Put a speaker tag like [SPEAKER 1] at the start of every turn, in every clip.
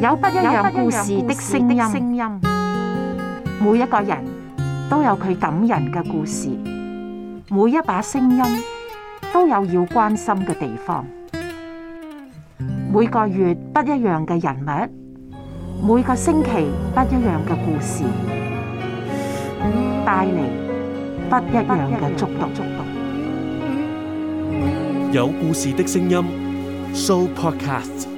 [SPEAKER 1] 有不一樣故事的聲音，每一個人都有佢感人嘅故事，每一把聲音都有要關心嘅地方。每個月不一樣嘅人物，每個星期不一樣嘅故事，帶嚟不一樣嘅觸動。有故事的聲音，Show Podcast。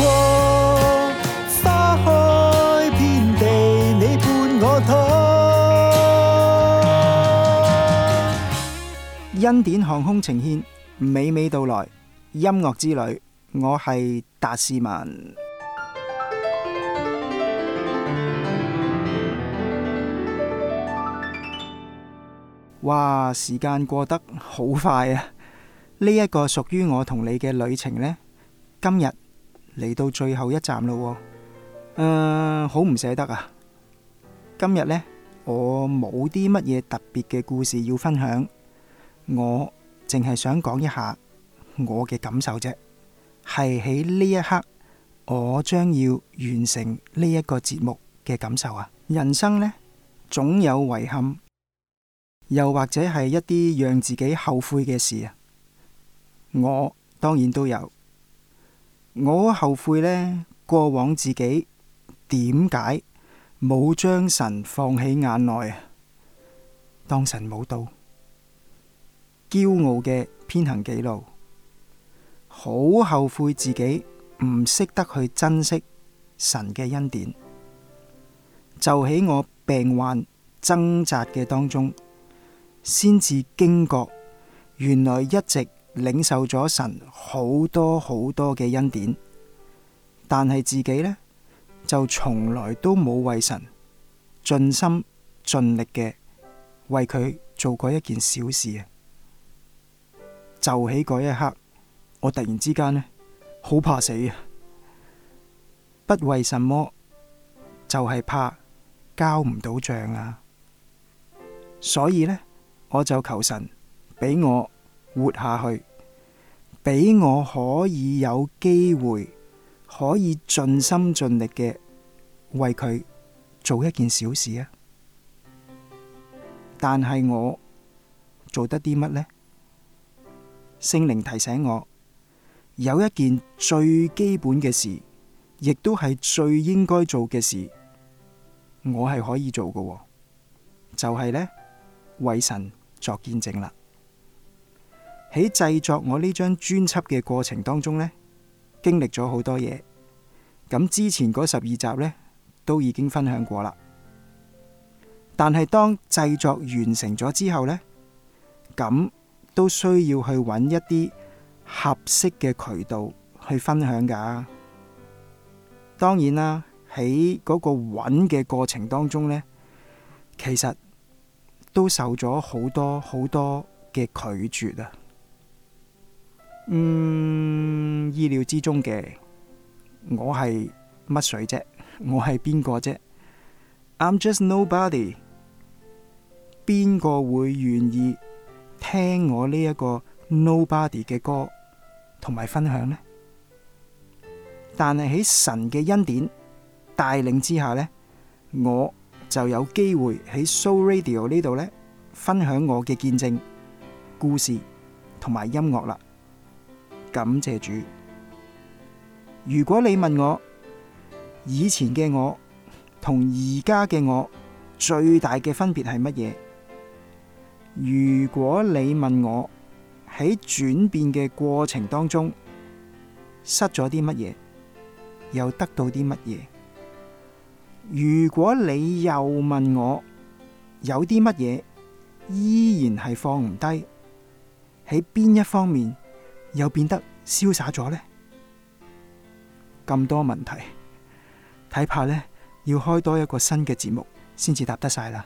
[SPEAKER 2] 恩典航空呈現娓娓道來音樂之旅，我係達士文。哇，時間過得好快啊！呢、這、一個屬於我同你嘅旅程呢，今日嚟到最後一站咯、啊。嗯、呃，好唔捨得啊！今日呢，我冇啲乜嘢特別嘅故事要分享。我淨係想講一下我嘅感受啫，係喺呢一刻我將要完成呢一個節目嘅感受啊。人生呢，總有遺憾，又或者係一啲讓自己後悔嘅事啊。我當然都有，我後悔呢，過往自己點解冇將神放喺眼內，當神冇到。驕傲嘅偏行記錄，好後悔自己唔識得去珍惜神嘅恩典。就喺我病患掙扎嘅當中，先至驚覺，原來一直領受咗神好多好多嘅恩典，但係自己呢，就從來都冇為神盡心盡力嘅為佢做過一件小事啊！就喺嗰一刻，我突然之間呢，好怕死啊！不為什麼，就係怕交唔到賬啊！所以呢，我就求神俾我活下去，俾我可以有機會，可以盡心盡力嘅為佢做一件小事啊！但係我做得啲乜呢？聖靈提醒我有一件最基本嘅事，亦都係最應該做嘅事，我係可以做嘅哦，就係呢：「為神作見證」啦。喺製作我呢張專輯嘅過程當中呢，經歷咗好多嘢。咁之前嗰十二集呢，都已經分享過啦。但係當製作完成咗之後呢，咁。都需要去揾一啲合適嘅渠道去分享㗎、啊。當然啦、啊，喺嗰個揾嘅過程當中呢，其實都受咗好多好多嘅拒絕啊。嗯，意料之中嘅，我係乜水啫？我係邊個啫？I'm just nobody。邊個會願意？聽我呢一個 Nobody 嘅歌同埋分享呢，但係喺神嘅恩典帶領之下呢，我就有機會喺 Soul Radio 呢度呢分享我嘅見證、故事同埋音樂啦。感謝主！如果你問我以前嘅我同而家嘅我最大嘅分別係乜嘢？如果你問我喺轉變嘅過程當中失咗啲乜嘢，又得到啲乜嘢？如果你又問我有啲乜嘢依然係放唔低，喺邊一方面又變得瀟灑咗呢？咁多問題，睇怕呢，要開多一個新嘅節目先至答得晒啦。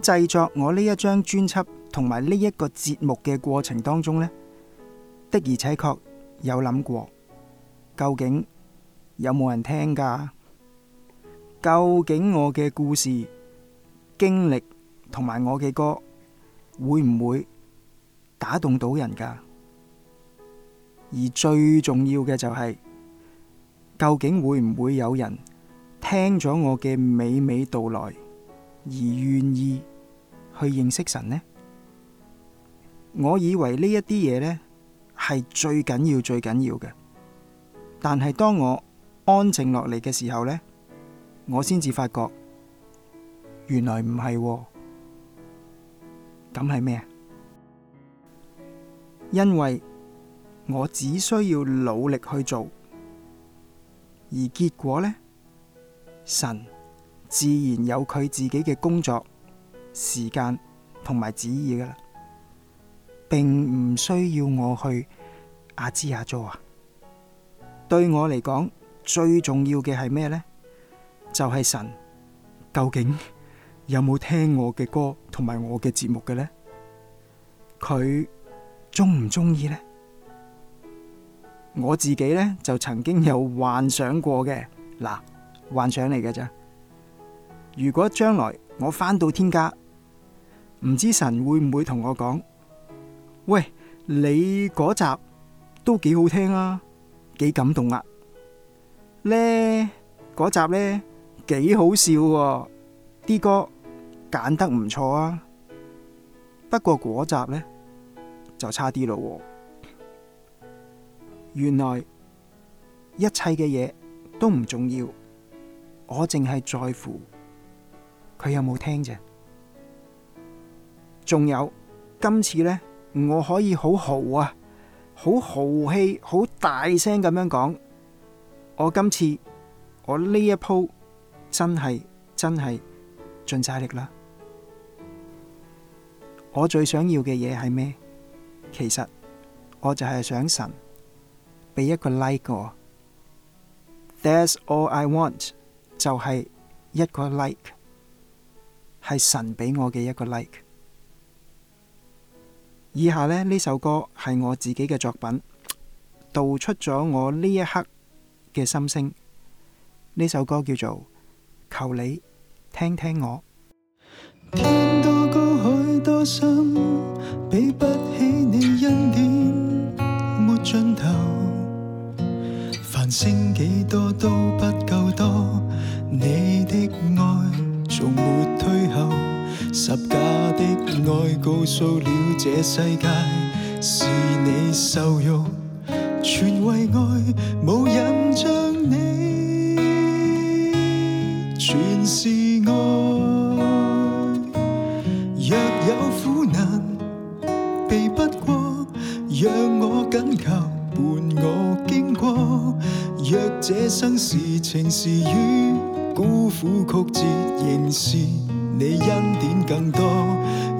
[SPEAKER 2] 製作我呢一張專輯同埋呢一個節目嘅過程當中呢，的而且確有諗過，究竟有冇人聽噶？究竟我嘅故事經歷同埋我嘅歌會唔會打動到人噶？而最重要嘅就係，究竟會唔會有人聽咗我嘅《娓娓道來》？而願意去認識神呢？我以為呢一啲嘢呢係最緊要、最緊要嘅。但係當我安靜落嚟嘅時候呢，我先至發覺原來唔係、哦，咁係咩？因為我只需要努力去做，而結果呢神。自然有佢自己嘅工作時間同埋旨意噶啦，並唔需要我去阿支阿佐啊。對我嚟講，最重要嘅係咩呢？就係、是、神究竟有冇聽我嘅歌同埋我嘅節目嘅呢？佢鍾唔鍾意呢？我自己呢，就曾經有幻想過嘅嗱，幻想嚟嘅咋。如果將來我翻到天家，唔知神會唔會同我講：喂，你嗰集都幾好聽啊，幾感動啊！呢嗰集呢，幾好笑喎，啲歌揀得唔錯啊。不過嗰集呢，就差啲咯喎。原來一切嘅嘢都唔重要，我淨係在乎。佢有冇聽啫？仲有今次呢，我可以好豪啊，好豪氣，好大聲咁樣講。我今次我呢一鋪真係真係盡晒力啦！我最想要嘅嘢係咩？其實我就係想神俾一個 like 我。That's all I want 就係一個 like。係神俾我嘅一個 like。以下咧，呢首歌係我自己嘅作品，道出咗我呢一刻嘅心聲。呢首歌叫做《求你聽聽我》。
[SPEAKER 1] 天多高，海多深，比不起你恩典，沒盡頭。繁星幾多都不夠多。的愛告訴了這世界，是你受辱，全為愛，無人像你，全是愛。若有苦難避不過，讓我緊求伴我經過。若這生是情是雨，孤苦曲折，仍是你恩典更多。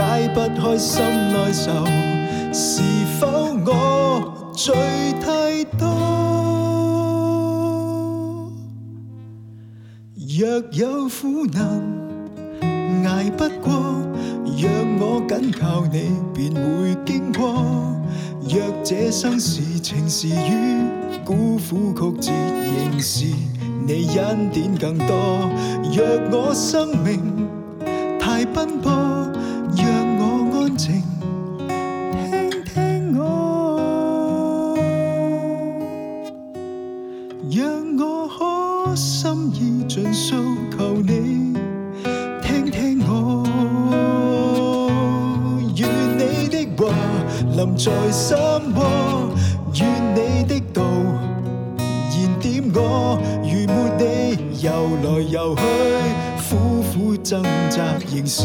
[SPEAKER 1] 解不開心內愁，是否我罪太多？若有苦難捱不過，若我緊靠你，便會經過。若這生是情是雨，孤苦曲折，仍是你恩典更多。若我生命太奔波。靜，聽聽我，讓我可心意盡訴，求你聽聽我。願你的話臨在心窩，願你的道燃點我。如沒你遊來遊去，苦苦掙扎仍是。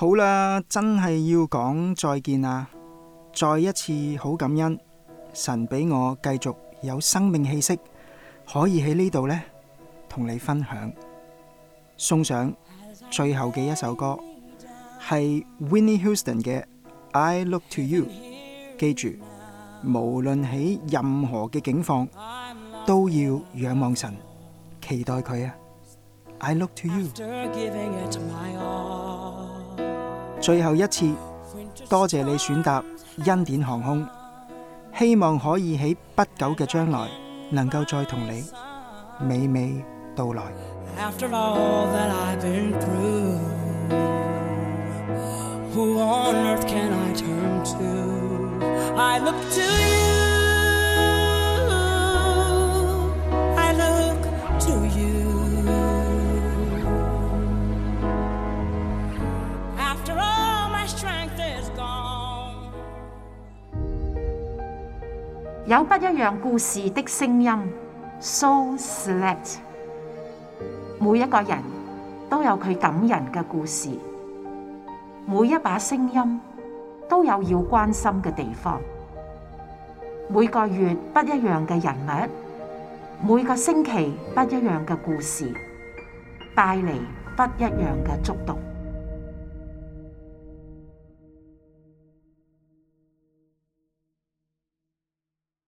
[SPEAKER 2] 好啦，真係要講再見啦，再一次好感恩神俾我繼續有生命氣息，可以喺呢度呢同你分享，送上最後嘅一首歌，係 Whitney Houston 嘅《I Look to You》。記住，無論喺任何嘅境況，都要仰望神，期待佢啊！I Look to You。最後一次，
[SPEAKER 1] 多謝
[SPEAKER 2] 你選擇恩典航空，希望可以喺不久嘅將來能夠再同你美美到來。
[SPEAKER 1] 有不一樣故事的聲音，So select。每一個人都有佢感人嘅故事，每一把聲音都有要關心嘅地方。每個月不一樣嘅人物，每個星期不一樣嘅故事，帶嚟不一樣嘅觸動。